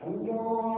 Allah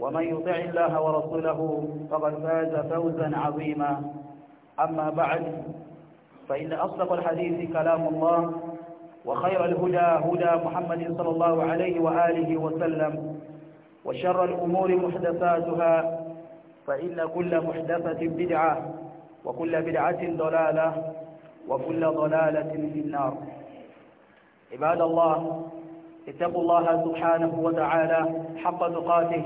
ومن يطع الله ورسوله فقد فاز فوزا عظيما أما بعد فإن أصدق الحديث كلام الله وخير الهدى هدى محمد صلى الله عليه وآله وسلم وشر الأمور محدثاتها فإن كل محدثة بدعة وكل بدعة ضلالة وكل ضلالة في النار عباد الله اتقوا الله سبحانه وتعالى حق تقاته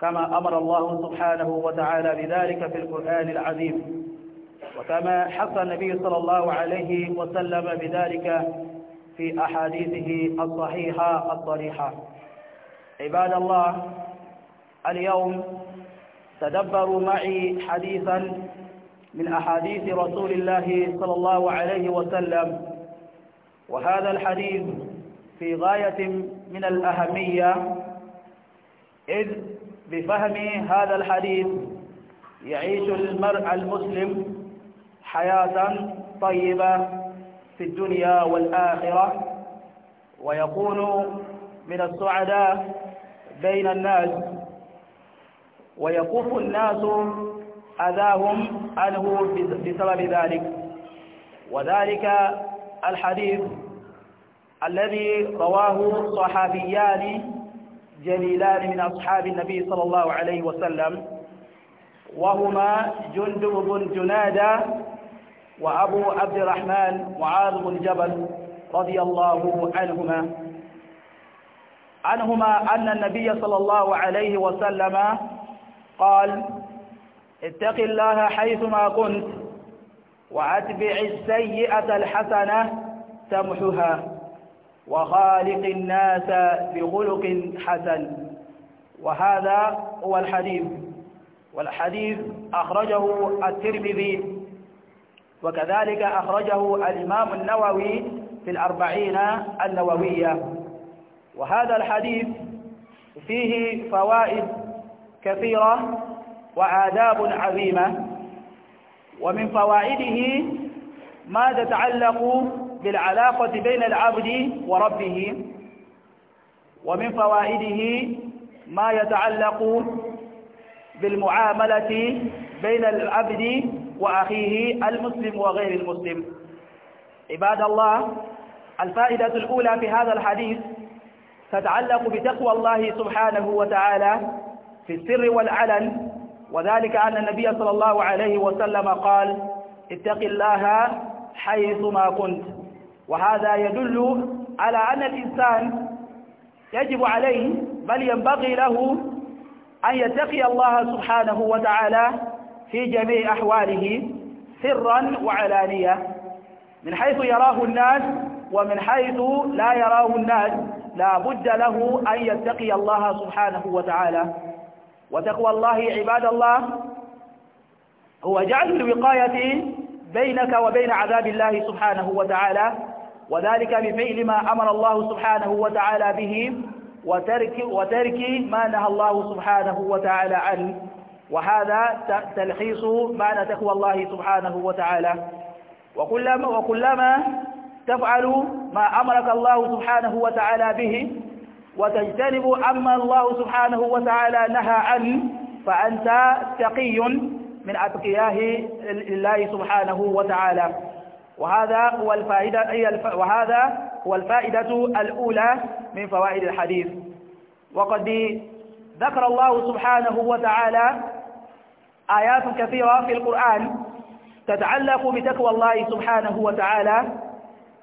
كما أمر الله سبحانه وتعالى بذلك في القرآن العظيم وكما حث النبي صلى الله عليه وسلم بذلك في أحاديثه الصحيحة الصريحة عباد الله اليوم تدبروا معي حديثا من أحاديث رسول الله صلى الله عليه وسلم وهذا الحديث في غاية من الأهمية إذ بفهم هذا الحديث يعيش المرء المسلم حياة طيبة في الدنيا والآخرة ويكون من السعداء بين الناس ويكف الناس أذاهم عنه بسبب ذلك وذلك الحديث الذي رواه صحابيان جليلان من أصحاب النبي صلى الله عليه وسلم وهما جندب بن جنادة وأبو عبد الرحمن معاذ بن جبل رضي الله عنهما عنهما أن النبي صلى الله عليه وسلم قال اتق الله حيثما كنت وأتبع السيئة الحسنة تمحها وخالق الناس بخلق حسن وهذا هو الحديث والحديث أخرجه الترمذي وكذلك أخرجه الإمام النووي في الأربعين النووية وهذا الحديث فيه فوائد كثيرة وآداب عظيمة ومن فوائده ما تتعلق بالعلاقة بين العبد وربه ومن فوائده ما يتعلق بالمعاملة بين العبد وأخيه المسلم وغير المسلم عباد الله الفائدة الأولى في هذا الحديث تتعلق بتقوى الله سبحانه وتعالى في السر والعلن وذلك أن النبي صلى الله عليه وسلم قال اتق الله حيث ما كنت وهذا يدل على أن الإنسان يجب عليه بل ينبغي له أن يتقي الله سبحانه وتعالى في جميع أحواله سرا وعلانية من حيث يراه الناس ومن حيث لا يراه الناس لا بد له أن يتقي الله سبحانه وتعالى وتقوى الله عباد الله هو جعل الوقاية بينك وبين عذاب الله سبحانه وتعالى وذلك بفعل ما أمر الله سبحانه وتعالى به وترك, وترك ما نهى الله سبحانه وتعالى عنه وهذا تلخيص معنى تقوى الله سبحانه وتعالى وكلما, وكلما تفعل ما أمرك الله سبحانه وتعالى به وتجتنب عما الله سبحانه وتعالى نهى عنه فأنت تقي من أتقياه الله سبحانه وتعالى وهذا هو الفائدة أي الف... وهذا هو الفائدة الأولى من فوائد الحديث وقد ذكر الله سبحانه وتعالى آيات كثيرة في القرآن تتعلق بتقوى الله سبحانه وتعالى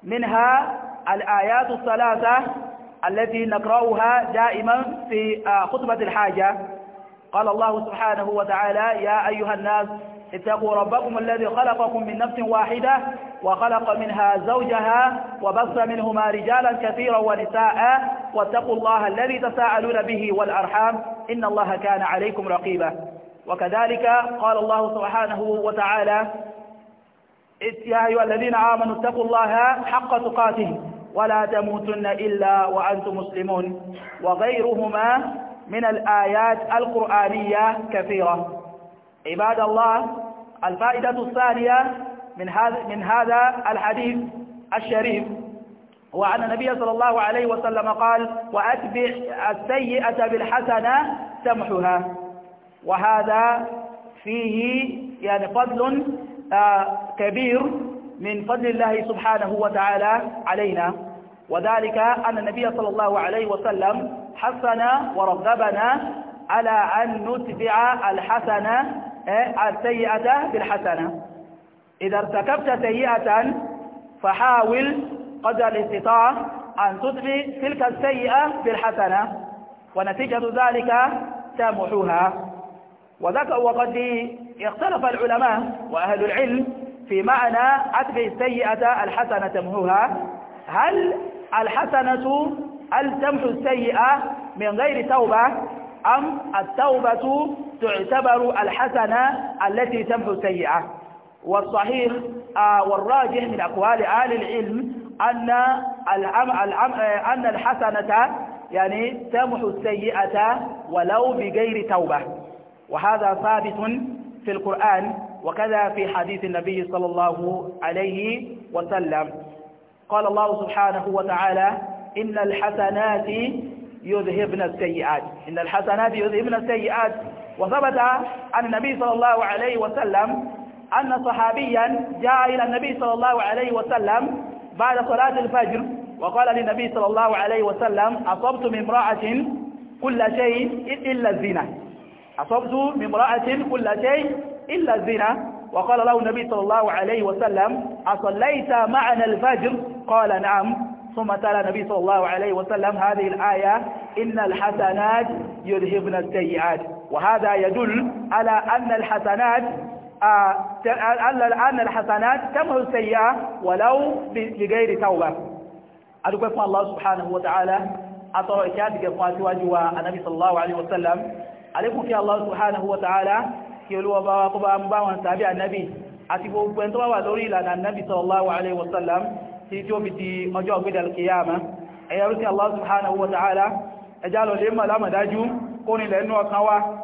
منها الآيات الثلاثة التي نقرأها دائما في آه، خطبة الحاجة قال الله سبحانه وتعالى يا أيها الناس اتقوا ربكم الذي خلقكم من نفس واحدة وخلق منها زوجها وبث منهما رجالا كثيرا ونساء واتقوا الله الذي تساءلون به والأرحام إن الله كان عليكم رقيبا وكذلك قال الله سبحانه وتعالى يا أيها الذين آمنوا اتقوا الله حق تقاته ولا تموتن إلا وأنتم مسلمون وغيرهما من الآيات القرآنية كثيرة عباد الله الفائدة الثانية من هذا من هذا الحديث الشريف وعن النبي صلى الله عليه وسلم قال وأتبع السيئة بالحسنة تمحها وهذا فيه يعني فضل آه، كبير من فضل الله سبحانه وتعالى علينا وذلك أن النبي صلى الله عليه وسلم حثنا ورغبنا على أن نتبع الحسنة إيه؟ السيئة بالحسنة إذا ارتكبت سيئة فحاول قدر الاستطاعة أن تطفي تلك السيئة بالحسنة ونتيجة ذلك تمحوها وذكر وقد اختلف العلماء وأهل العلم في معنى أتبع السيئة الحسنة تمحوها هل الحسنة هل تمحو السيئة من غير توبة أم التوبة تعتبر الحسنة التي تمحو السيئة والصحيح آه، والراجح من أقوال أهل العلم أن العم العم آه، أن الحسنة يعني تمحو السيئة ولو بغير توبة وهذا ثابت في القرآن وكذا في حديث النبي صلى الله عليه وسلم قال الله سبحانه وتعالى إن الحسنات يذهبن السيئات إن الحسنات يذهبن السيئات وثبت عن النبي صلى الله عليه وسلم أن صحابيا جاء إلى النبي صلى الله عليه وسلم بعد صلاة الفجر وقال للنبي صلى الله عليه وسلم أصبت من امرأة كل شيء إلا الزنا أصبت من امرأة كل شيء إلا الزنا وقال له النبي صلى الله عليه وسلم أصليت معنا الفجر قال نعم ثم تلا النبي صلى الله عليه وسلم هذه الآية إن الحسنات يذهبن السيئات وهذا يدل على أن الحسنات على أن الحسنات تمحو السيئة ولو بغير توبة أدوكم الله سبحانه وتعالى أطرع كاتك أخواتي واجوا النبي صلى الله عليه وسلم عليكم في الله سبحانه وتعالى يقولوا بابا مباوا سابع النبي أتبوا بنتوا ودوري لنا النبي صلى الله عليه وسلم تيجوا بدي أجوا بدي القيامة أيها الله سبحانه وتعالى أجعلوا لما لما داجوا كوني لأنه أكنوا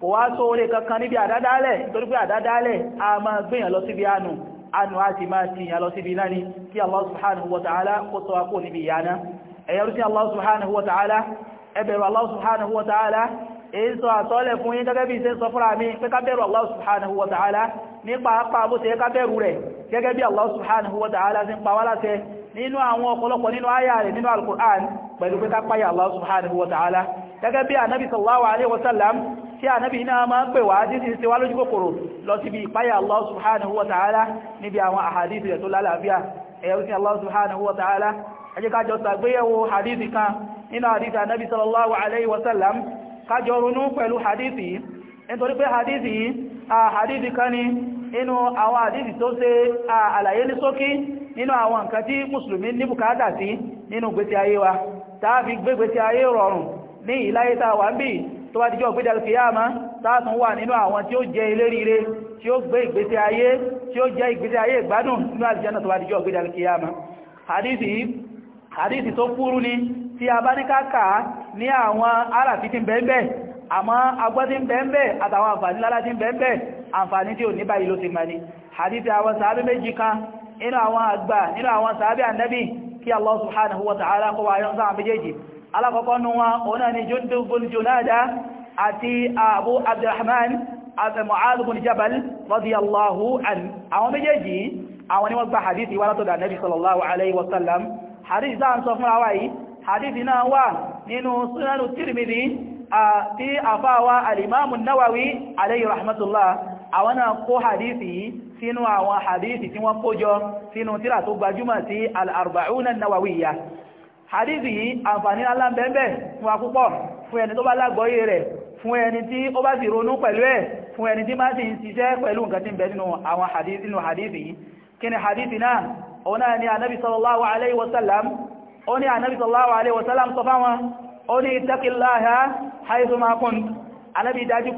kò wá sóore kankan níbi àdádálẹ̀ nítorí pé àdádálẹ̀ a máa gbìyàn lọ síbi àánú àánú a ti máa ti yàn lọ síbi náà ni kí Allah subhanahu wa ta'ala kó tọ́ akó níbi ìyàná ẹ̀yẹrú sí Allah subhanahu wa ta'ala ẹ bẹ̀rù Allah subhanahu wa ta'ala èyí sọ àtọ́lẹ̀ fún yí gẹ́gẹ́ bí ṣe sọ fúnra mi pé ká bẹ̀rù Allah subhanahu wa ta'ala nípa apá bó sallallahu alaihi wasallam tí ànábì náà máa ń pè wá títí ṣe wá lójú kòkòrò lọ sí ibi ìpáyà Allah subhanahu wa ta'ala níbi àwọn àhàdìsì rẹ̀ tó lálàáfíà ẹ̀yẹ́ sí Allah subhanahu wa ta'ala ẹ jẹ́ ká jọ ṣàgbéyẹ̀wò àhàdìsì kan nínú àhàdìsì ànábì sallallahu alaihi wasallam ká jọ ronú pẹ̀lú àhàdìsì nítorí pé àhàdìsì àhàdìsì kan ni nínú àwọn ní ṣókí tàwà ń bíi tó bá dijọ́ gbéjà kìyàmá sáàtún wà nínú àwọn tí ó jẹ iléríire tí ó gbé ìgbésí ayé tí ó jẹ ìgbésí ayé ìgbádùn nínú àlùjánnà tó bá dijọ́ gbéjà kìyàmá hadithi tó kúrú ni tí a bá ní káàkà ní àwọn aráfi tí ń bẹ́ẹ̀bẹ́ àmọ́ agbọ́ tí ń bẹ́ẹ̀bẹ́ àtàwọn àǹfààní lára tí ń bẹ́ẹ̀bẹ́ àǹfààní tí ò ní báyìí ló ti mọ̀ Allah subhanahu wa ta'ala kó wa yọ́n sáà alákọ̀ọ́kọ́ nú wọn òun náà ni Jundub bin Junada àti Abu Abdurrahman àti Mu'adh bin Jabal radiyallahu anhu àwọn méjèèjì àwọn ni wọ́n gba hadithi wá látọ̀dọ̀ Ànábì sallallahu alaihi wasallam hadithi náà sọ fún àwáyí hadithi náà wà nínú sunanu Tirmidhi àti àfáwà al-Imam nawawi alaihi rahmatullah àwọn náà kó hadithi sínú àwọn hadithi tí wọ́n kójọ sínú tírà tó gbajúmọ̀ sí al-arba'una an hadithi yìí àǹfààní alábẹ́ẹ̀bẹ̀ fún akúpọ̀ fún ẹni tó bá lágbọ́yé rẹ̀ fún ẹni tí ó bá sì ronú pẹ̀lú ẹ̀ fún ẹni tí má sì ń ṣiṣẹ́ pẹ̀lú nǹkan tí ń bẹ nínú àwọn hadithi nínú hadithi yìí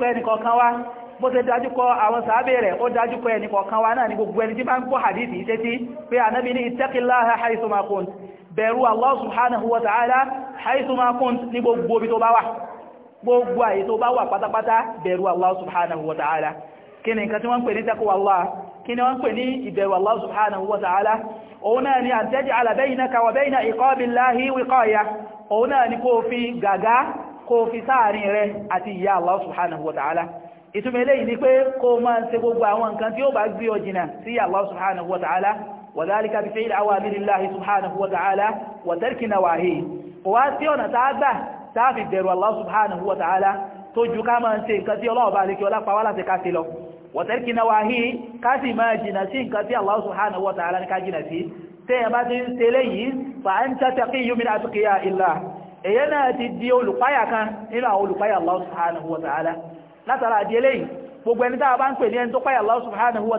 kí bó ṣe dájú kọ àwọn sàábẹ̀ rẹ̀ ó dájú kọ ẹnì kọ̀ọ̀kan wa náà ni gbogbo ẹni tí bá ń kó hadithi yìí sétí pé anabi ní ittaqillaha haythu ma bẹ̀rù Allah subhanahu wa ta'ala haythu ma kunt ní gbogbo ibi tó bá wà gbogbo àyè tó bá wà pátápátá bẹ̀rù Allah subhanahu wa ta'ala kí ni nǹkan tí wọ́n pè ní taqwa Allah kí ni wọ́n pè ní ìbẹ̀rù Allah subhanahu wa ta'ala òun náà ni an taj'ala baynaka wa bayna iqabillahi wiqaya òun náà ni kó fi gàgá kó fi sáàrin rẹ àti ìyà Allah subhanahu wa ta'ala ìtumọ̀ ni pé kó máa ń ṣe gbogbo àwọn nǹkan tí ó bá gbé jìnà sí Allah subhanahu wa ta'ala وذلك بفعل أوامر الله سبحانه وتعالى وترك نواهيه وواسيونا تعبه تعفي الدير الله سبحانه وتعالى توجو كما انسين كثي الله بالك ولا فوالا تكاثي له وترك نواهيه كثي ما جنسين كثي الله سبحانه وتعالى نكا جنسين تيماتين تليه فأنت تقي من أتقياء الله إينا تدي أولوكايا كان إنا أولوكايا الله سبحانه وتعالى لا ترى دي ليه gbogbo ẹni tàbá ń pè ní ẹni tó páyà Allah subhanahu wa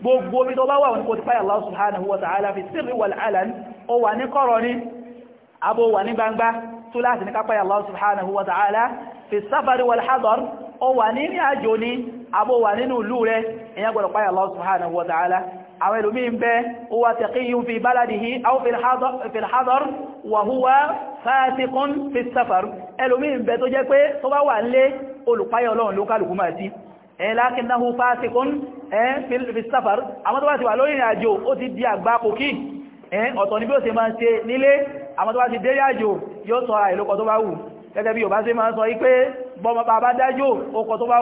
gbogbo omi tó bá wà ní kò ti páyà Allah subhanahu wa ta'ala fi sirri wal alan ó wà ní kọ̀rọ̀ ní abo wà ní gbangba tó láti ní kápáyà Allah subhanahu wa ta'ala fi safari wal hadar ó wà ní ní àjò ní abo wà nínú ìlú rẹ̀ èyàn gbọ́dọ̀ páyà Allah subhanahu wa ta'ala àwọn ìlúmí ń bẹ́ ó ẹ́n fi sáfàrú àwọn tó bá ti wà lórí ìrìnàjò ó ti di àgbà pòkí ẹ́n ọ̀tọ̀ ní bí ó ṣe máa ń ṣe nílé àwọn tó bá ti dé ìrìnàjò yóò sọ ara ìlókọ tó wù gẹ́gẹ́ bí Yorùbá bá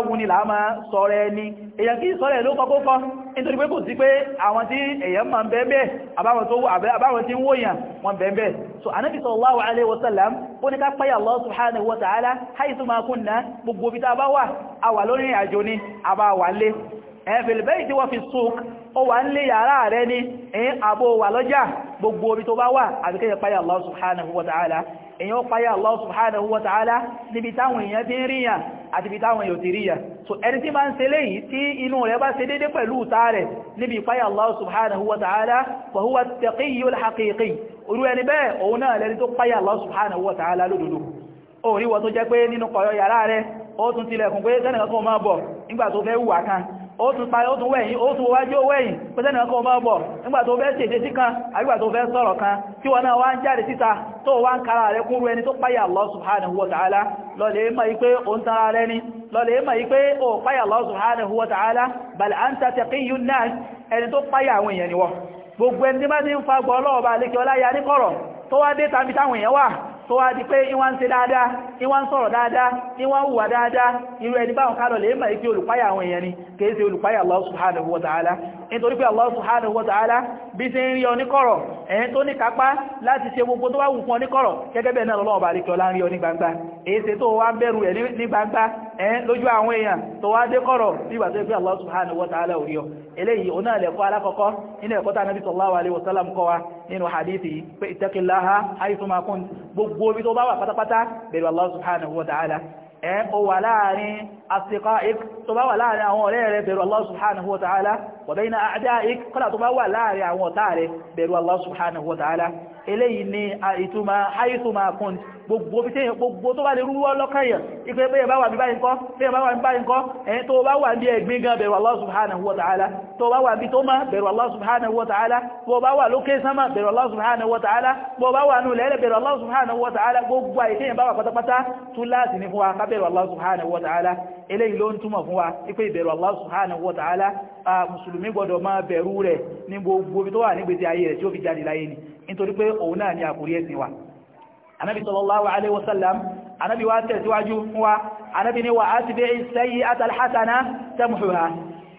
wù máa sọ rẹ ni èyàn kí sọ́rẹ̀ ló kọ́kọ́ kọ́ nítorí pé kò sí pé àwọn tí èyàn so Ànábì sallallahu alaihi wasallam ó ní ká páyà Allah subhanahu wa ni a bá ẹ̀fẹ̀lẹ̀bẹ́ ìdíwọ́ fi sùk ó wà ń lè yàrá rẹ ní ẹ̀yìn àbò wà lọ́jà gbogbo orí tó bá wà àbíkẹ́yẹ páyà Allah subhanahu wa ta'ala èyàn páyà Allah subhanahu wa ta'ala níbi táwọn èèyàn so ẹni tí máa ń ṣe léyìí tí inú rẹ̀ bá ṣe dédé pẹ̀lú ìta rẹ̀ níbi ìpáyà Allah subhanahu wa ta'ala fa huwa at-taqiyyul haqiqi orú ẹni bẹ́ẹ̀ òun náà lẹ́ni tó páyà Allah subhanahu wa ta'ala lódodo orí wọ́n tó jẹ́ ó tún tilẹ̀kùn pé tẹ́nìkan kan máa bọ̀ nígbà tó fẹ́ wù wá ó tún parí ó tún wẹ̀yìn ó tún wájú ó wẹ̀yìn pẹ́sẹ́nì ọkọ̀ ọmọ ọbọ̀ nígbà tó fẹ́ ṣèṣe sí kan àgbà tó fẹ́ sọ̀rọ̀ kan tí wọ́n náà wá ń jáde síta tó wá ń kára rẹ̀ kúrú ẹni tó páyà Allah subhanahu wa ta'ala lọ́lẹ̀ mọ̀ ipé ó ń tara rẹ̀ ni lọ́lẹ̀ mọ̀ ipé ó páyà Allah subhanahu wa ta'ala bal anta taqiyyun nas ẹni tó páyà àwọn èèyàn ni wọ́n gbogbo ẹni tí bá ti ń fagbọ́ ọlọ́ọ̀bá lékẹ́ ọláyà ní kọ̀rọ̀ tó wá di pé ìwọ́n ń ṣe dáadáa ìwọ́n ń sọ̀rọ̀ dáadáa ìwọ́n hùwà dáadáa irú ẹni báwọn kálọ̀ lè mọ̀ ikú olùpáyà àwọn èèyàn ni kèése olùpáyà Allah subhanahu wa ta'ala nítorí pé Allah subhanahu wa ta'ala bí ṣe ń rí ọ níkọ̀rọ̀ ẹ̀yìn tó ní kápá láti ṣe gbogbo tó wá wù fún ọ níkọ̀rọ̀ gẹ́gẹ́ bẹ́ẹ̀ náà lọ́wọ́ bá lè kíọ́lá ń rí ọ ní gbangba èyí ṣe tó wá ń bẹ̀rù ẹ̀ ní gbangba ẹ̀yìn lójú àwọn èèyàn tó wá dé kọ̀rọ̀ nígbà tó pé Allah subhanahu wa ta'ala ò rí ọ eléyìí òun náà lẹ̀kọ́ alákọ̀ọ́kọ́ nínú ẹ̀kọ́ tá Nabi sallallahu alaihi wasallam kọ́ wa nínú hadithi pé ittaqillaha haythuma gbogbo omi tó bá wà pátápátá bẹ̀rù Allah subhanahu wa ta'ala ẹ o wà láàrin asdiqaik tó bá wà láàrin àwọn ọ̀rẹ́ rẹ bẹ̀rù Allah subhanahu wa ta'ala wa bayna a'da'ik kọ́lá tó bá wà láàrin àwọn ọ̀tá rẹ bẹ̀rù Allah subhanahu wa ta'ala eléyìí ni ìtumọ̀ ma kunt gbogbo bí tẹ́yìn gbogbo tó bá lè rúwọ́ lọ́kàyàn ipẹ́ pé ẹ̀bá wà ní báyìí kọ́ tí ẹ̀bá wà ní báyìí kọ́ ẹ̀yìn tó bá wà ní ẹ̀gbin gan bẹ̀rù Allah subhanahu wa ta'ala tó bá wà bí tó má bẹ̀rù Allah subhanahu wa ta'ala tó bá wà lókè sánmà bẹ̀rù Allah subhanahu wa ta'ala tó bá wà nù lẹ́lẹ̀ bẹ̀rù Allah subhanahu wa ta'ala gbogbo àìtẹ́yìn bá wà pátápátá tún láti ní fún wa ká bẹ̀rù Allah subhanahu wa ta'ala eléyìí ló ń túmọ̀ fún wa ipé ìbẹ̀rù Allah subhanahu wa ta'ala a mùsùlùmí gbọdọ̀ máa bẹ̀rù rẹ̀ ní gbogbo ibi tó wà nígbèsè ayé rẹ̀ tí ó fi jáde láyé ni nítorí pé òun náà ni àkórí ẹ̀sìn wa anábi sallallahu alaihi wasallam anábi wá tẹ̀síwájú fún wa anábi ni wà á ti bẹ́ ìsẹ́yí àtàlhásánà tẹ́mùhùhá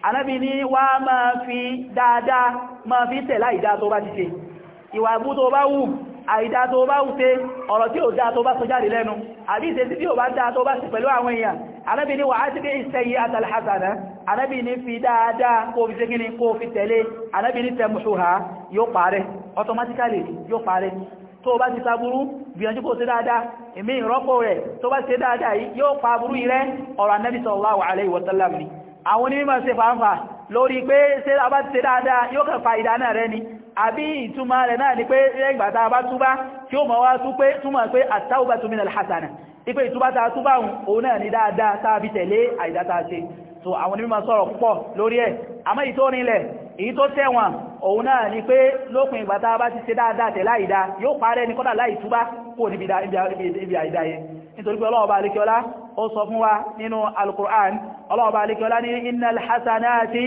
anábi ni wá máa fi dáadáa máa fi tẹ̀lá ìdá tó bá ti ṣe ìwà bú tó bá wù àìdá tó bá wù ṣe ọ̀rọ̀ tí ó dá tó bá sọ jáde lẹ́nu àbí ìṣesí tí ó bá dá tó bá sì pẹ̀lú àwọn èèyàn anábi ni wà á ti bẹ́ ìsẹ́yí ni fi dáadáa kó fi ṣe kíni kó fi tẹ̀lé anábi ni tẹ́mùhùhá yóò parẹ́ automatically yóò parẹ́ tó bá ti sàbúrú gbìyànjú kó ṣe dáadáa èmi ìrọ́pò rẹ̀ tó bá ṣe dáadáa yóò pa burú irẹ́ ọ̀rọ̀ Ànábì sallallahu alaihi wasallam ni àwọn onímọ̀ ṣe fàánfà lórí pé ṣe a bá ti ṣe dáadáa yóò kàn fa ìdáná rẹ ni àbí ìtumọ̀ rẹ̀ náà ni pé ẹgbàta bá so àwọn onímọ̀ soro púpọ̀ lórí ẹ̀ àmọ́ èyí tó nílẹ̀ èyí tó tẹ̀wọ̀n òun náà ni pé lópin ìgbà bá ti ṣe dáadáa tẹ̀ láìdá yóò parẹ́ ní kọ́dà láì túbá kò níbi àìdá yẹn nítorí pé ọlọ́ọ̀bá alékiọlá ó sọ fún wa nínú alukur'an ọlọ́ọ̀bá alékiọlá ní hasanati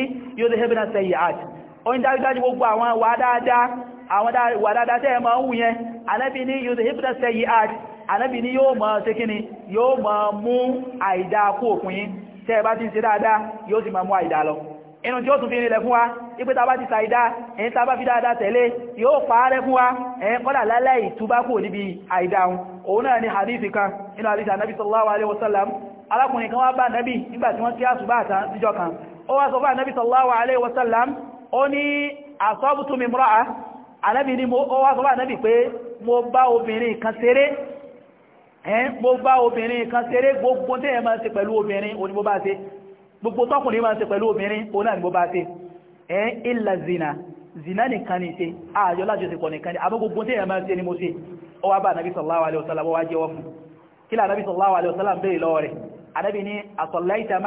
oyin dájúdájú gbogbo àwọn wà dáadáa tẹ́ tẹ́ bá ti ń ṣe dáadáa yóò sì máa mú àìdá lọ inú tí ó tún fi rí rẹ̀ fún wa ipé tàbá ti sàìdá ẹ̀yìn tàbá fi dáadáa tẹ̀lé yóò fàárẹ́ fún wa ẹ̀yìn kọ́lá lálẹ́ ìtúbákò níbi àìdáun òun náà ni hadithi kan inú hadithi anábi sallallahu alaihi wasallam alákùnrin kan wá bá nábi nígbà tí wọ́n kí àsùbá àtàjíjọ kan ó wá sọ fún anábi sallallahu alaihi wasallam ó ní asọ́bùtù mi mọ́ra anábi ni ó wá sọ fún anábi pé mo bá obìnrin kan ṣeré ẹn bó bá obìnrin kan ṣeré gbogbo tí ẹ máa ṣe pẹ̀lú obìnrin o ní bó bá ṣe gbogbo tọ́kùnrin máa ṣe pẹ̀lú obìnrin o náà ní bó bá ṣe ẹn ìlà zina zina nìkan ni ṣe ààyọ lájọsìpọ̀ nìkan ni àbọ́ gbogbo tí ẹ máa ṣe ni mo ṣe ó wá bá anabi sallallahu alaihi wasallam wá jẹ́wọ́ fún kí la anabi sallallahu alaihi wasallam béèrè lọ́wọ́ rẹ̀ anabi ní asọ̀láìta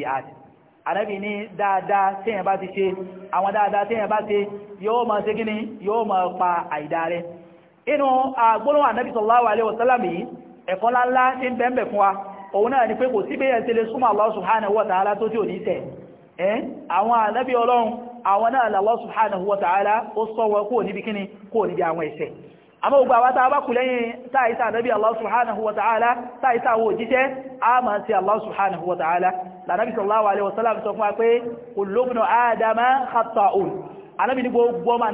anabi ànábì ní dáadáa téèyàn bá ti ṣe àwọn dáadáa téèyàn bá ṣe yóò ma ṣe kíni yóò máa pa àìdá rẹ̀ inú àgbóhùn ànábì sallallahu alaihi ẹ̀kọ́ ńláńlá tí ń bẹ́ẹ̀bẹ̀ fún wa òun náà ni pé kò sí bẹ́yẹn ti lè súnmọ́ Allah subhanahu wa ta'ala tó tí ò ní tẹ̀ ẹ́ àwọn ànábì ọlọ́run àwọn náà lànàbí sallallahu alaihi wasallam sọ fún wa pé olóbùnà adama khata'un anábì ní gbogbo ọmọ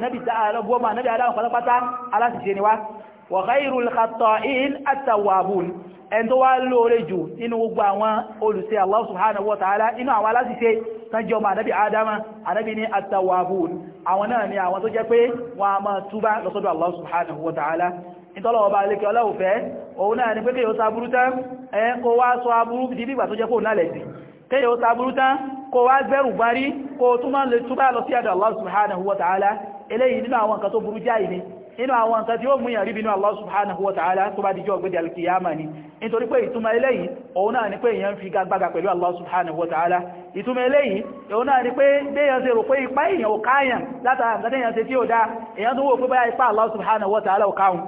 anábì adama pátápátá aláṣìṣe ni wá wa khairul khata'in at-tawwabun ẹni tó wá lóore jù nínú gbogbo àwọn olùṣe Allah subhanahu wa ta'ala inú àwọn aláṣìṣe tán jẹ́ ọmọ anábì adama anábì ní at-tawwabun àwọn náà ni àwọn tó jẹ́ pé wọ́n a máa túbá lọ́sọ́dọ̀ Allah subhanahu wa ta'ala ìtọ́lọ̀wọ̀ bá lékẹ́ ọlọ́wọ̀fẹ́ òun náà ni pé kí o sáburú tán ẹ kó wá sọ aburú dìbìgbà tó jẹ́ kó náà lẹ̀sìn kéyẹ ó sàbúrú tán kó wá gbẹ́rù gbárí kó túnmọ́ lè túbá lọ sí àdà Allah subhanahu wa ta'ala eléyìí nínú àwọn nǹkan tó burú jáì ni inú àwọn nǹkan tí ó mú ìyàrí bínú Allah subhanahu wa ta'ala tó bá dijọ́ ọgbẹ́dẹ̀ alkiyama ni nítorí pé ìtumọ̀ eléyìí òun náà ni pé èyàn fi gagbága pẹ̀lú Allah subhanahu wa ta'ala ìtumọ̀ eléyìí òun náà ni pé déyàn ṣe rò pé ipá èyàn ò káyàn látara nǹkan téyàn ṣe tí ó dá èyàn tó wò pé báyá ipá Allah subhanahu wa ta'ala ò káhùn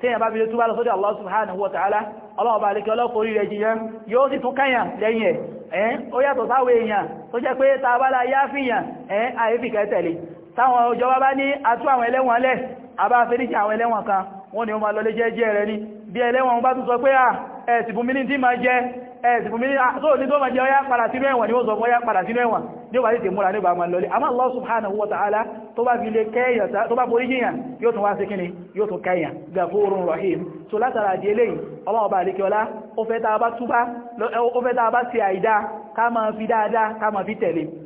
tí yẹn bá bí túbá lọ sódí Allah subhanahu wa ta'ala ọlọ́ọ̀bá alékẹ́ ọlọ́kùnrin rẹ̀ jìyàn yóò sì tún káyà lẹ́yìn ẹ̀ ó yàtọ̀ sáwọ èèyàn tó jẹ́ pé tàbálá yáfíyàn ẹ̀ àìfìkẹ́ tẹ̀lé táwọn ìjọba bá ní atú àwọn ẹlẹ́wọ̀n ẹ̀sìnbùnmí ní tí ma jẹ́ ẹ̀sìnbùnmí ní ah, tó ní tó ma jẹ́ ọya padà sínú ẹ̀wọ̀n ni ó sọ fún ọya padà sínú ẹ̀wọ̀n ní ó bá tètè múra ní bá ma lọlé àmọ́ Allah subhanahu wa ta'ala tó bá fi lè kẹ́yàn tó bá borí yíyàn yóò tún wá gafurun rahim so látara àdí eléyìí ọlọ́wọ́ bá àlékẹ́ ọlá ó fẹ́ tá a bá túbá ó fẹ́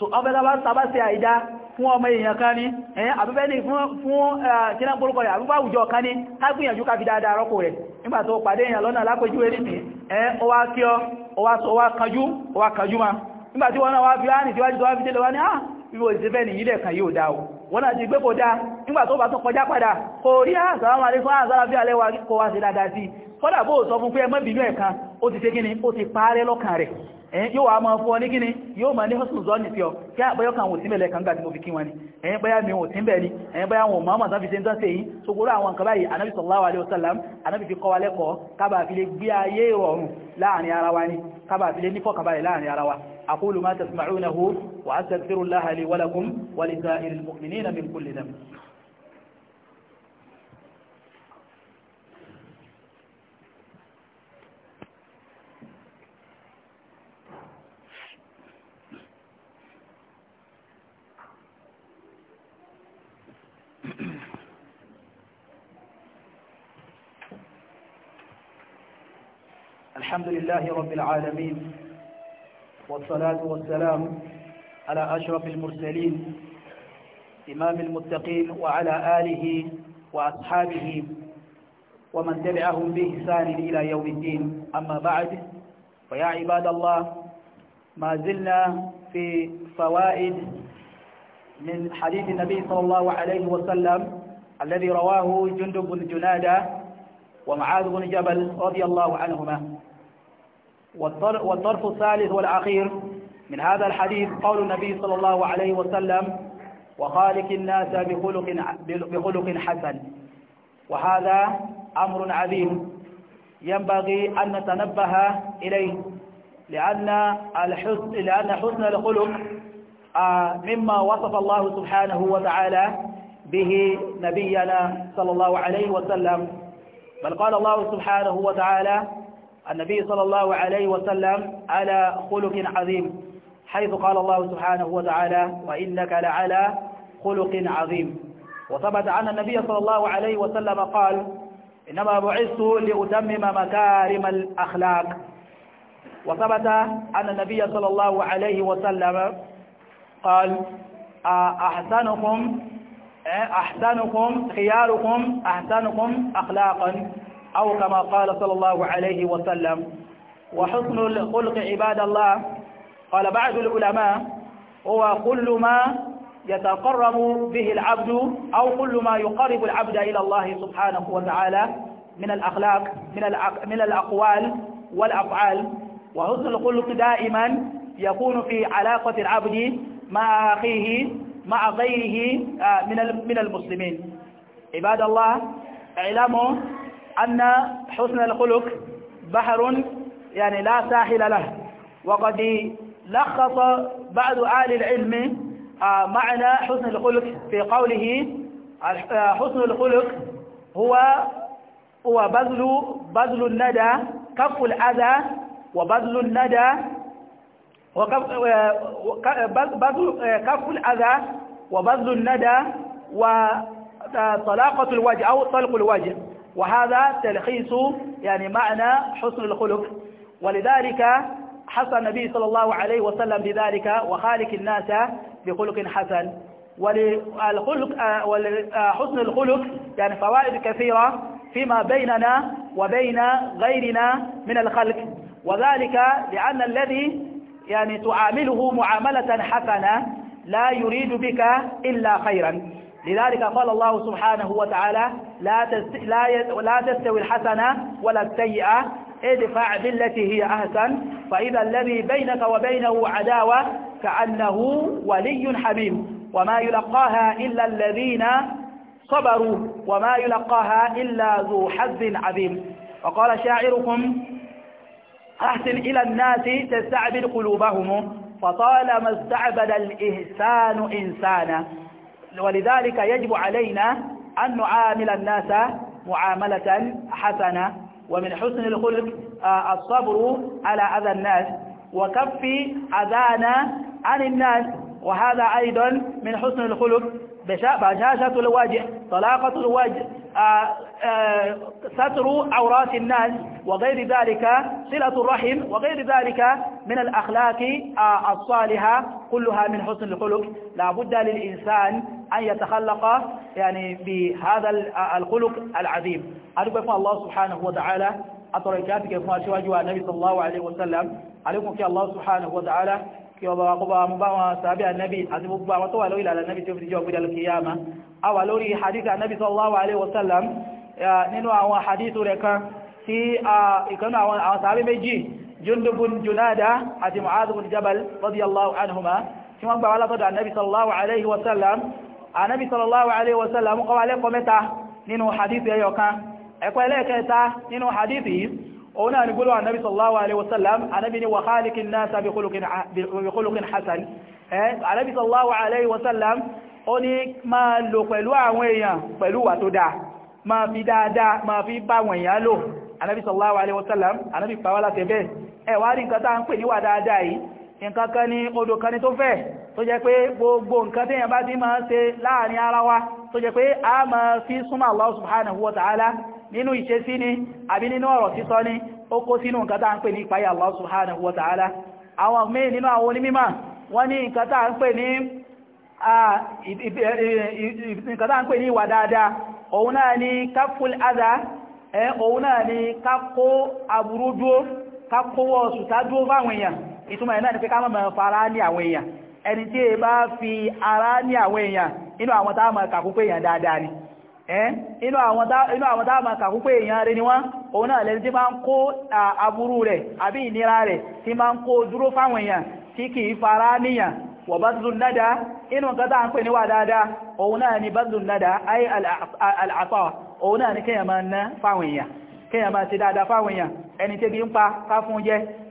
so ọbẹ̀ta bá sábá sí àìdá fún ọmọ èèyàn kan ní ẹ̀yẹn àbúbẹ́ ní fún kíná pólúkọ rẹ̀ àbúbá àwùjọ kan ní kágbìyànjú ká fi dáadáa rọ́kò rẹ̀ nígbà tó pàdé èèyàn lọ́nà alápẹjú erìsìn ẹ̀yẹn ó wá kí ọ ó wá kanjú ó wá kanjú ma nígbà tí wọ́n náà wá fi wá nìtí wájú tó wá fi délé wá ní ah ìwò ìsẹ́fẹ́ ní ilẹ̀ kan yóò dáa wọ́n náà ti gbé kò dáa nígbà tó bá tó kọjá padà kò rí àṣàwọn àrífún àṣàrà bí alẹ́wà kò wá sí dáadáa sí fọ́dà bóò sọ fún pé ẹmọ́bìnú ẹ̀kan ó ti ṣe kíni ó ti parẹ́ lọ́kàn rẹ̀ ẹ̀yìn yóò wá máa fún ọ ní kíni yóò máa ní hustle zone nìfẹ́ ọ kí àbáyọ́ kan wò sí mẹ́lẹ̀ kan gbà tí mo fi kí wọn ni ẹ̀yìn báyá mi wò sí mẹ́ ni ẹ̀yìn báyá wọn máa tán fi ṣe ń tán sí èyí ṣogoro àwọn nǹkan báyìí anábì sallallahu alaihi wasallam anábì fi kọ́ wa lẹ́kọ̀ọ́ kábà fi lè gbé ayé ìrọ̀rùn láàrin ara wa ni kábà fi lè ní fọ́kànbalẹ̀ láàrin ara wa aqulu ma tasma'unahu wa astaghfirullaha li wa lakum wa lisa'iril mu'minina min الحمد لله رب العالمين والصلاة والسلام على أشرف المرسلين إمام المتقين وعلى آله وأصحابه ومن تبعهم بإحسان إلى يوم الدين أما بعد فيا عباد الله ما زلنا في فوائد من حديث النبي صلى الله عليه وسلم الذي رواه جندب بن جنادة ومعاذ بن جبل رضي الله عنهما والطرف الثالث والأخير من هذا الحديث قول النبي صلى الله عليه وسلم وخالق الناس بخلق, بخلق حسن وهذا أمر عظيم ينبغي أن نتنبه إليه لأن, الحسن لأن حسن الخلق آه، مما وصف الله سبحانه وتعالى به نبينا صلى الله عليه وسلم بل قال الله سبحانه وتعالى النبي صلى الله عليه وسلم على خلق عظيم حيث قال الله سبحانه وتعالى وإنك لعلى خلق عظيم وثبت عن النبي صلى الله عليه وسلم قال إنما بعثت لأتمم مكارم الأخلاق وثبت أن النبي صلى الله عليه وسلم قال أحسنكم أحسنكم خياركم أحسنكم أخلاقا أو كما قال صلى الله عليه وسلم وحسن الخلق عباد الله قال بعض العلماء هو كل ما يتقرب به العبد أو كل ما يقرب العبد إلى الله سبحانه وتعالى من الأخلاق من من الأقوال والأفعال وحسن الخلق دائما يكون في علاقة العبد مع أخيه مع غيره آه، من من المسلمين عباد الله اعلموا أن حسن الخلق بحر يعني لا ساحل له وقد لخص بعض أهل العلم آه، معنى حسن الخلق في قوله آه، حسن الخلق هو هو بذل بذل الندى كف الأذى وبذل الندى آه، كف الأذى وبذل الندى وطلاقة الوجه أو طلق الوجه وهذا تلخيص يعني معنى حسن الخلق ولذلك حسن النبي صلى الله عليه وسلم بذلك وخالق الناس بخلق حسن والخلق وحسن الخلق يعني فوائد كثيرة فيما بيننا وبين غيرنا من الخلق وذلك لأن الذي يعني تعامله معاملة حسنة لا يريد بك إلا خيرا لذلك قال الله سبحانه وتعالى لا تست... لا, ي... لا تستوي الحسنة ولا السيئة ادفع بالتي هي أحسن فإذا الذي بينك وبينه عداوة كأنه ولي حميم وما يلقاها إلا الذين صبروا وما يلقاها إلا ذو حظ عظيم وقال شاعركم أحسن إلى الناس تستعبد قلوبهم فطالما استعبد الإحسان إنسانا ولذلك يجب علينا أن نعامل الناس معاملة حسنة ومن حسن الخلق آه، الصبر على أذى الناس وكف أذانا عن الناس وهذا أيضا من حسن الخلق بشاشة الوجه طلاقة الوجه آه، آه، ستر عورات الناس وغير ذلك صلة الرحم وغير ذلك من الأخلاق آه، الصالحة كلها من حسن الخلق لا بد للإنسان أن يتخلق يعني بهذا الخلق العظيم أرجو الله سبحانه وتعالى أتركاتك فما شواجه النبي صلى الله عليه وسلم عليكم الله سبحانه وتعالى kí ọba wa kó bá mú bá wọn sàábí ànábì àti gbogbo àwọn tó wà lórí ìlànà ànábì tí ó fi jọ gbéra lókè yáàmá a wà lórí hadith ànábì sallallahu alaihi wasallam nínú àwọn hadith rẹ̀ kan tí ìkanú àwọn sàábí méjì jundubun junada àti mu'adhubun jabal radiyallahu anhuma tí wọ́n gbà wá látọ̀dọ̀ ànábì sallallahu alaihi wasallam ànábì sallallahu alaihi wasallam kọ́ wa lẹ́kọ̀ọ́ mẹ́ta nínú hadith ẹyọ kan ẹ̀kọ́ ẹlẹ́ẹ̀kẹta nínú hadith yìí òun náà ni gbólóhùn anábì sallallahu alaihi wasallam anábì ni wa khaliqin nasa bi khuluqin hasan anábì sallallahu alaihi wasallam ó ní máa lò pẹ̀lú àwọn èèyàn pẹ̀lú wà tó dáa máa fi dáadáa máa fi bá wọn èèyàn lò anábì sallallahu alaihi wasallam anábì pàwọ́ láti ẹ̀bẹ́ ẹ wá rí nǹkan tá ń pè níwà dáadáa yìí nǹkan kan ní odò kan ní tó fẹ́ tó jẹ́ pé gbogbo nǹkan téèyàn bá ti máa ṣe láàrin ara wa tó jẹ́ pé a máa fi súnmọ́ Allah subhanahu wa ta'ala nínú ìṣesí ni àbí nínú ọ̀rọ̀ sísọ ni ó kó sínú nǹkan tá ń pè ní ìpáyà Allah subhanahu wa ta'ala àwọn míì nínú àwọn onímímọ̀ wọ́n ní nǹkan tá ń pè ní nǹkan tá ń pè ní ìwà dáadáa òun náà ni káfùl adá òun náà ni kákó aburú dúó kákówọ́ sùtá dúó fáwọn èèyàn ni pé ká mọ̀ fara ní àwọn èèyàn ẹni tí è bá fi ara inú àwọn táwọn kàkú èèyàn dáadáa ni inú àwọn dáàmà kàkúkú èèyàn rẹ̀ ni wọ́n òun náà lẹ́ni tí máa ń kó aburú rẹ̀ àbí ìnira rẹ̀ tí máa ń kó dúró fáwọn èèyàn tí kìí fara níyàn wà bá tún nádá inú nǹkan ń pè níwà dáadáa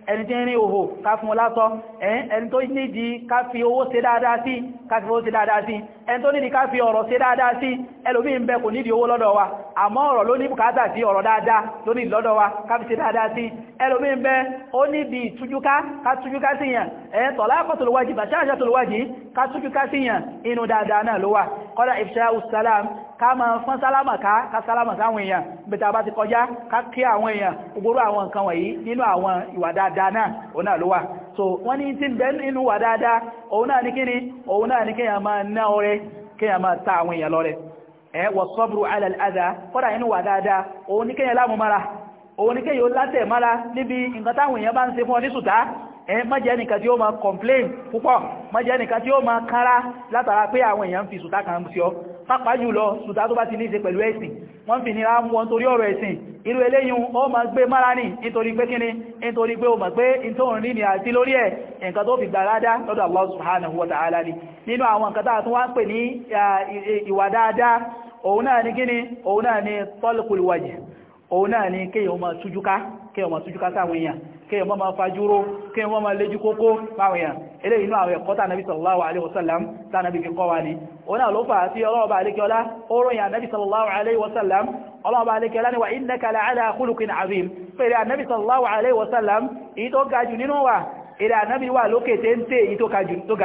ẹni tí ń rí òhò ká fún lásọ ẹni tó nídi ká fi owó ṣe dáadáa sí ká fi owó ṣe dáadáa sí ẹni tó nídi ká fi ọ̀rọ̀ ṣe dáadáa sí ẹlòmí ń bẹ kò nídi owó lọ́dọ̀ wa àmọ́ ọ̀rọ̀ ló ní bùkátà sí ọ̀rọ̀ dáadáa ló ní lọ́dọ̀ wa ká fi ṣe dáadáa sí ẹlòmí ń bẹ ó nídi ìtújúká ká tújúká sí yàn ẹ̀ tọ̀lá kọ́dá ifṣáù salam ká ma fún sálámà ká ká sálámà sáwọn èèyàn bẹ̀tà bá ti kọjá ká kí àwọn èèyàn gbogbo àwọn nǹkan wọ̀nyí nínú àwọn ìwà dáadáa náà òun náà ló wà so wọ́n ní tí bẹ́ẹ̀ nínú wà dáadáa òun náà ní kíni òun ní kí yóò látẹ̀ mára níbi nǹkan táwọn èèyàn bá ń ṣe fún ọ ní sùtá ẹ má nìkan tí ó ma complain púpọ̀ má jẹ́ nìkan tí ó ma kára látara pé àwọn èèyàn fi sùtá kan sí ọ pápá jùlọ sùtá tó bá ti ní ṣe pẹ̀lú ẹ̀sìn wọ́n fi nira mú wọn torí ọ̀rọ̀ ẹ̀sìn irú eléyìn ó ma gbé mára ní nítorí pé kíni nítorí pé o mọ̀ pé nítorí rí ní àti lórí ẹ̀ nǹkan tó fi gbàrádá lọ́dọ̀ Allah subhanahu wa ta'ala ni nínú àwọn nǹkan tàà tún wá ń pè ní ìwà dáadáa òun náà ni kíni òun náà ni talqul wajh òun náà ni kéèyàn máa tújúká kéèyàn máa tújúká sáwọn èèyàn kéèyàn máa fajúró kéèyàn máa léjú kókó sáwọn èèyàn eléyìí inú àwọn ẹ̀kọ́ tánàbí sallallahu alaihi wasallam tánàbí fi kọ́ wa ni òun náà ló fà á sí ọlọ́ọ̀bà alékiọlá ó ròyìn ànábì sallallahu alaihi wasallam ọlọ́ọ̀bà alékiọlá ni wà innaka la'ala khuluqin azim pẹ̀lú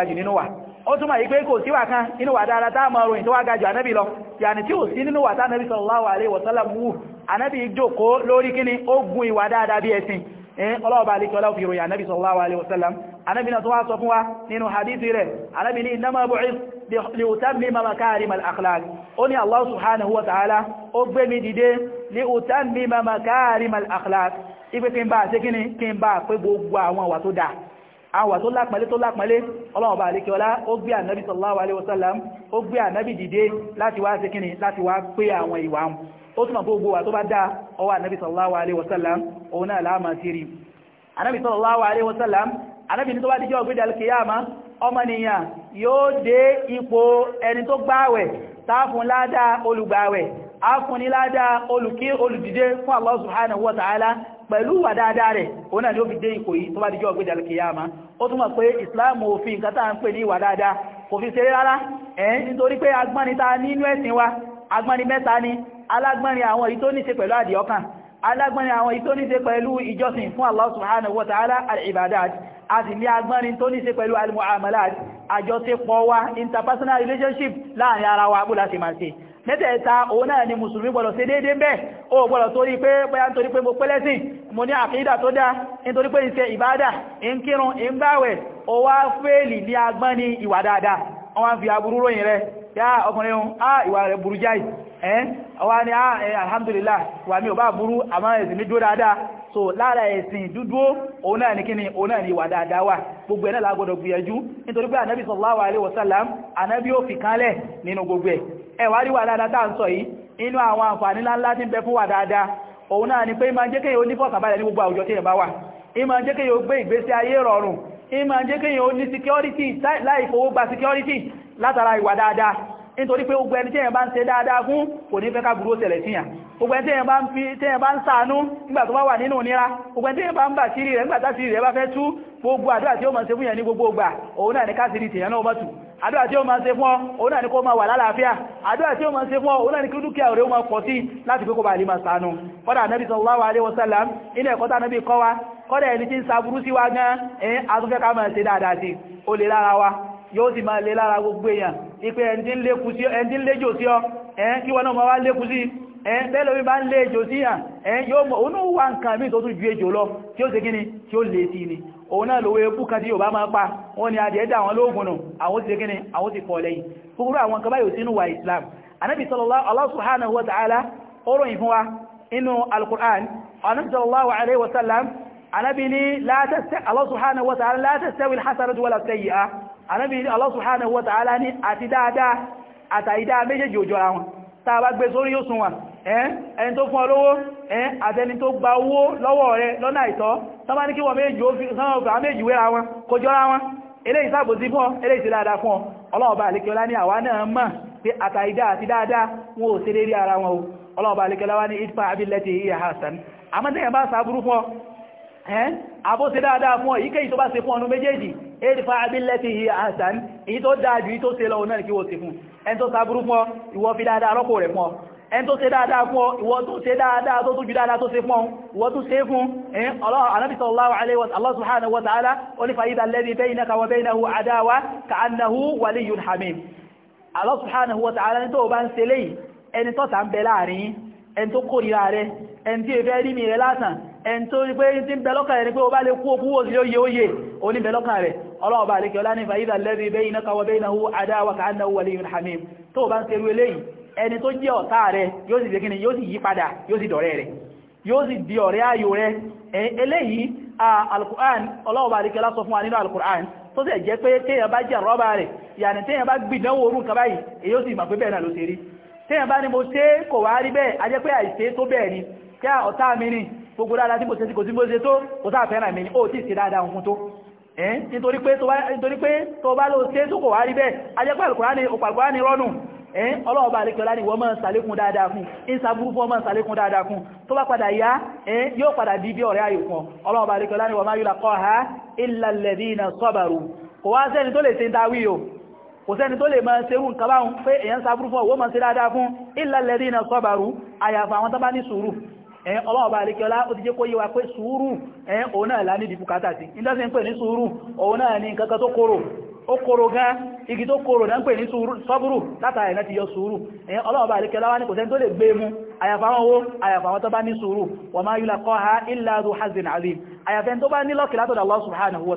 ànábì ó túnmọ̀ yí pé kò síwà kan inú wà dára tá mọ̀ ròyìn tó wá gajù ànábì lọ yàní tí ò sí nínú wà tá ànábì sallallahu alaihi wasallam wù ànábì jókòó lórí kíní ó gun ìwà dáadáa bí ẹ̀sìn ọlọ́ọ̀bá alikọ́ láwọn fi ròyìn ànábì sallallahu alaihi wasallam ànábì náà tó wá sọ fún wa nínú hadithi rẹ̀ ànábì ní innama bu'ithtu li utammima makarim al-akhlaq ó ní Allah subhanahu wa àwà tó lápàlé tó lápàlé ọlọ́ọ̀bá àlékiọlá ó gbé ànábì sallallahu alaihi wasallam ó gbé ànábì dìde láti wá ṣe kíni láti wá pé àwọn ìwà ó túnmọ̀ gbogbo wà tó bá dá ọwọ́ ànábì sallallahu alaihi wasallam òun náà láàmà sí rí ànábì sallallahu alaihi wasallam ànábì ní tó bá dijọ́ ògbédà kìyàmá ọmọnìyàn yóò dé ipò ẹni tó gbáwẹ̀ táàfún pẹ̀lú wà dáadáa rẹ̀ òun náà ni ó fi dé ipò yìí tó bá dijọ́ ọgbẹ́dà kìyàmá ó túnmọ̀ pé ìsìláàmù òfin nǹkan tá à ń pè ní ìwà dáadáa kò fi ṣeré rárá ẹ̀ẹ́n nítorí pé agbọ́nni ta nínú ẹ̀sìn wa agbọ́nni mẹ́ta ni alágbọ́nni àwọn èyí tó ní ṣe pẹ̀lú àdìọ́kàn alágbọ́nni àwọn èyí tó ní ṣe pẹ̀lú ìjọsìn fún Allah subhanahu wa ta'ala al-ibadat a sì ní agbọ́nni tó ní ṣe pẹ̀lú al-mu'amalat àjọṣepọ̀ wa interpersonal relationship láàrin ara wa bó la ṣe máa ṣe mẹ́tẹ̀ẹ̀ta òun náà ni mùsùlùmí gbọ́dọ̀ ṣe déédéé ń bẹ o gbọ́dọ̀ torí pé bóyá ń torí pé mo pẹ́lẹ́sìn mo ní àkídà tó dá nítorí pé ìṣe ìbádà ń kírun ń gbáwẹ̀ o wá fèèlì ní agbọ́n ní ìwà ni á alhamdulillah wà mí ò bá dáadáa so lára ẹ̀sìn dúdú òun náà ní kíni òun náà ní ìwà dáadáa wà gbogbo ẹ̀ náà la gbọ́dọ̀ gbìyànjú nítorí pé ànábì sallallahu alaihi wasallam ànábì ò fi kánlẹ̀ nínú gbogbo ẹ̀ ẹ̀wà rí wà dáadáa tá à ń sọ yìí inú àwọn àǹfààní ńláńlá tí ń bẹ fún wà dáadáa òun náà ni pé máa jẹ́ kéèyàn ó ní fọ̀kànbalẹ̀ ní gbogbo àwùjọ tí ẹ̀ bá wà ìmọ̀ jẹ́ kéèyàn gbé ìgbésí ayé rọrùn ìmọ̀ jẹ́ kéèyàn ní security láì fowó gba security látara ìwà dáadáa nítorí pé gbogbo ẹni tẹ́yàn bá ń ṣe dáadáa fún kò ní fẹ́ ká burú ṣẹlẹ̀ síyàn gbogbo ẹni tẹ́yàn bá ń fi tẹ́yàn bá ń ṣàánú nígbà tó bá wà nínú ìnira gbogbo ẹni tẹ́yàn bá ń bà sírí rẹ̀ nígbà tásírí rẹ̀ bá fẹ́ tú gbogbo àdúrà tí ó mọ̀ ṣe fún yẹn ní gbogbo ìgbà òun náà ní kásìrì tèèyàn náà mọ̀tù àdúrà tí ó máa ṣe fún ọ òun náà ní kó máa wà lálàáfíà àdúrà tí ó máa ṣe fún ọ òun náà ní kí dúkìá rẹ̀ máa pọ̀ sí láti pé kó bá lè máa ṣàánú kọ́dà anábì sallallahu alaihi wasallam ilẹ̀ ẹ̀kọ́ tánábì kọ́ wa kọ́dà ẹni tí ń sa burú sí wa gan-an ẹ̀yìn atúnfẹ́ yóò sì máa lè lára gbogbo èèyàn ipé ẹ̀ndín léjò sí ọ ẹ̀yìn kí wọn náà ma wá lékú sí ẹ̀yìn bẹ́ẹ̀ lómi bá ń lé èjò síyàn ẹ̀yìn yóò mọ̀ oní wà nǹkan mí tó tún ju èjò lọ tí ó ṣe kíni tí ó lè sí ni òun náà lówó ebú kan tí yóò bá máa pa wọn ni adìẹ dà wọn lóògùn nù àwọn ti kíni àwọn ti Islam anábì sallallahu Allah subhanahu wa ta'ala ó ròyìn fún al-Qur'an anábì sallallahu alaihi wasallam anábì ni Allah subhanahu wa ta'ala la tastawi al-hasanatu wala sayyi'ah anábi Allah subhanahu wa ta'ala ní àti dáadáa àtàìdá méjèèjì òjò ara wọn tá bá gbé sórí yóò sún wọn ẹni tó fún ọlọ́wọ́ àtẹni tó gba owó lọ́wọ́ rẹ lọ́nà àìtọ́ sọ́mọ́ ní kí wọ́n méjì wéra wọn kò jọra wọn eléyìí ṣàbòsí fún ọ eléyìí ṣe dáadáa fún ọ ọlọ́ọ̀bá àlekẹ́ọlá ní àwa náà mọ̀ pé àtàìdá àti àbó ṣe dáadáa fún èyíkéyìí tó bá ṣe fún ọdún méjèèjì èdìfà abílẹ́tì ìhì àṣàn èyí tó dáadì tó ṣe lọ́wọ́ náà kí wọ́n ṣe fún ẹn tó sàbúrú fún ọ ìwọ fi dáadáa rọ́pò rẹ̀ fún ọ ẹn tó ṣe dáadáa fún ọ ìwọ tó ṣe dáadáa tó tójú dáadáa tó ṣe fún ọ ìwọ tó ṣe fún ẹn Ànábì sallallahu alaihi wa subhanahu wa ta'ala ó ní fa idha alladhi ẹn tó rí pé tí ń bẹ̀lọ́kà rẹ̀ ní pé o bá lè kú okú òsì lóye oye o ní bẹ̀lọ́kà rẹ̀ ọlọ́ọ̀bá àríkẹ́ ọlá ní fàídà lẹ́rí bẹ́ iná kawọ bẹ́ iná adáwà ká náà wọlé yìí hamim tó bá ń serú eléyìí ẹni tó jẹ́ ọ̀tá rẹ̀ yóò sì jẹ́kíní yóò sì yí padà yóò sì dọ̀rẹ́ rẹ̀ yóò sì di ọ̀rẹ́ ayò rẹ̀ eléyìí alukur'an ọlọ́ọ̀bá àríkẹ́ lásọ fún wa nínú alukur'an tó ní mo ṣe kò wá rí bẹ́ẹ̀ a pé àìṣe tó bẹ́ẹ̀ ni kí ọ̀tá mi ni gbogbo dáadáa tí mo ṣe tí kò sí mo ṣe tó kò sáà fẹ́ràn mi ni ó ti ṣe dáadáa òkun tó nítorí pé tó bá ló ṣe tó kò wá rí bẹ́ẹ̀ ajẹ́pẹ́ Al-Kùránì òpàlùkùránì rọ́nù ẹ̀yìn ọlọ́ọ̀bá àríkẹ́lá ni wọ́n máa sàlékún dáadáa fún ìsàbúrú fún ọmọ sàlékún dáadáa fún tó bá padà yá ẹ̀yìn yóò padà di bí ọ̀rẹ́ ayò kan ọlọ́ọ̀bá àríkẹ́lá ni wọ́n máa yulaqaha illa alladhina sabaru kò wá sẹ́ni tó lè ṣe dáwí o kò sẹ́ni tó lè máa serú nǹkan báhùn pé èyàn sàbúrú fún ọwọ́ máa ṣe dáadáa fún illa alladhina sabaru àyàfà àwọn tó bá ní sùúrù ọba àríkẹ́ọlá ó ti jẹ́ kó yíwa pé sùúrù òun náà lá ní ìdìbùkátà sí ìdásí ń pè ní sùúrù òun náà ní nǹkan tó kóró ó kóró gán igi tó kóró náà ń pè ní sọ́bùrù látàrí náà ti yọ sùúrù ọlọ́ọ̀bá àríkẹ́ọlá wá ní kò sẹ́ni tó lè gbé e mú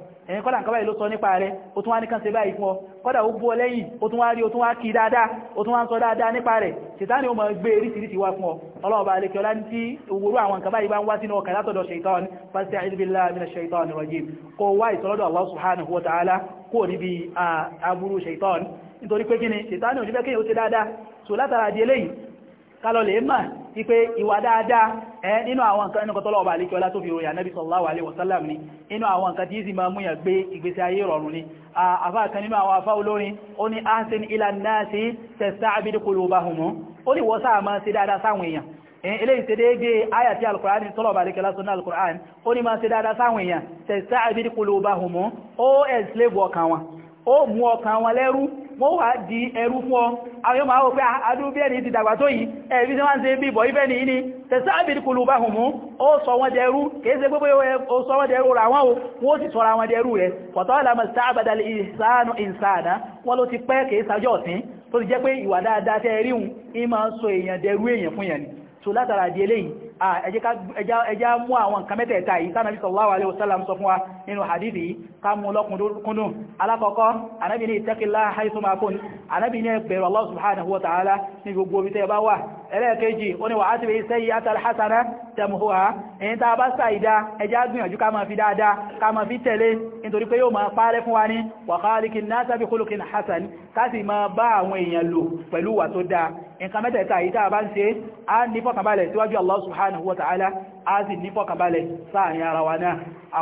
ẹ̀yìn kọ́lá nǹkan báyìí ló sọ nípa rẹ̀ ó tún wá ní kan ṣe báyìí fún ọ kọ́dà ó bú ọ lẹ́yìn ó tún wá rí ó tún wá kí dáadáa ó tún wá ń sọ dáadáa nípa rẹ̀ ṣètánì ó mọ̀ gbé eríṣiríṣi wá fún ọ ọlọ́run bá lékẹ́ ọlá ní tí òwúrú àwọn nǹkan báyìí bá ń wá sínú ọkàn látọ̀dọ̀ ṣèitán ti pé ìwà dáadáa ẹ nínú àwọn nǹkan ẹnu kọtọ́lọ̀ ọba àlékí ọlá tó fi ròyìn ànábì sallallahu alaihi wasallam ni nínú àwọn nǹkan tí ìsì máa mú yàn gbé ìgbésí ayé rọrùn ni àfáà kan nínú àwọn afá olórin ó ní ahsin ila nasi tasta'bid qulubahum ó ní wọ́n sáà máa ṣe dáadáa sáwọn èèyàn eléyìí ṣe déédé àyà tí alukur'ani tọ́lọ̀ bá lékelá sọ́nà alukur'ani ó ní máa ṣe dáadáa sáwọn èèyàn tasta'bid qulubahum ó ẹ̀ sílẹ̀ bu ọkàn wọn ó mú ọkàn wọn wọ́n wà di ẹrú fún ọ àwọn yóò máa wò pé ah, adúrú bí ẹni ti dàgbà tó yìí ẹ̀rí tí wọ́n ń ṣe bí ìbọ̀ ibẹ̀ nìyí ni tẹ̀sáàbì kùlù bá hùn mú ó sọ wọ́n dẹrú kìí ṣe gbogbo ó sọ wọ́n dẹrú ra wọn o wọ́n sì sọra wọn dẹrú rẹ̀ pọ̀tọ́ ìlàmọ̀ sáàbàdàlì ìsáànù ìsáàdá wọ́n ló ti pẹ́ kìí sájọ́ ọ̀sìn tó ti jẹ́ pé ìwà dáadáa tẹ́ ríhun ìmọ̀ sọ èèyàn dẹrú èèyàn fún yẹn ni so látara di eléyìí ẹjá mú àwọn nǹkan mẹ́tẹ̀ẹ̀ta yìí tánàbí sallallahu alaihi wasallam sọ fún wa nínú hadithi ká mú lọ́kùnkúndùn alákọ̀ọ́kọ́ anábi ní ittaqillaha haythuma kun anábi ní ẹgbẹ̀rọ Allah subhanahu wa ta'ala ní gbogbo omi ẹlẹ́ẹ̀kejì ó ní wàá ti fi iṣẹ́ yìí àtàlásánà tẹmuhùwà èyí tá a bá ṣàìdá ẹjá gbìyànjú ká máa fi dáadáa ká máa fi tẹ̀lé nítorí pé yóò máa parẹ́ fún wa ní wàhálìkì násábì kólókìn hasan káàsì máa bá àwọn èèyàn lò pẹ̀lú wà tó dáa nǹkan mẹ́tẹ̀ẹ̀ta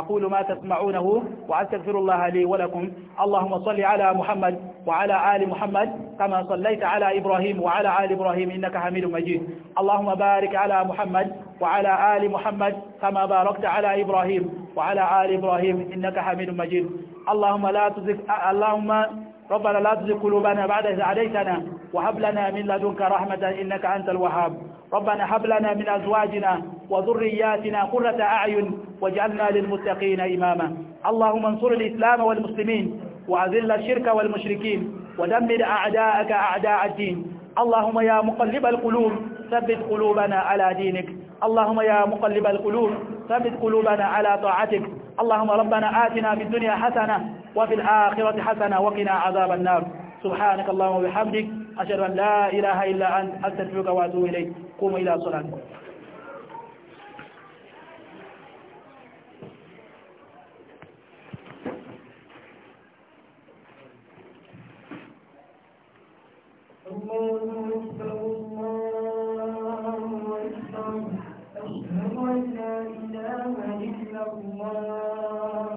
أقول ما تسمعونه وأستغفر الله لي ولكم اللهم صل على محمد وعلى آل محمد كما صليت على إبراهيم وعلى آل إبراهيم إنك حميد المجيد اللهم بارك على محمد وعلى آل محمد كما باركت على إبراهيم وعلى آل إبراهيم إنك حميد مجيد اللهم لا تزك اللهم ربنا لا تزك قلوبنا بعد إذ عديتنا وهب لنا من لدنك رحمة إنك أنت الوهاب ربنا هب لنا من أزواجنا وذرياتنا قرة أعين واجعلنا للمتقين إماما اللهم انصر الإسلام والمسلمين وأذل الشرك والمشركين ودمر أعداءك أعداء الدين اللهم يا مقلب القلوب ثبت قلوبنا على دينك اللهم يا مقلب القلوب ثبت قلوبنا على طاعتك اللهم ربنا آتنا في الدنيا حسنة وفي الآخرة حسنة وقنا عذاب النار سبحانك اللهم وبحمدك أشهد أن لا إله إلا أنت أستغفرك وأتوب إليك قوموا إلى صلاتكم Señor presidente, señoras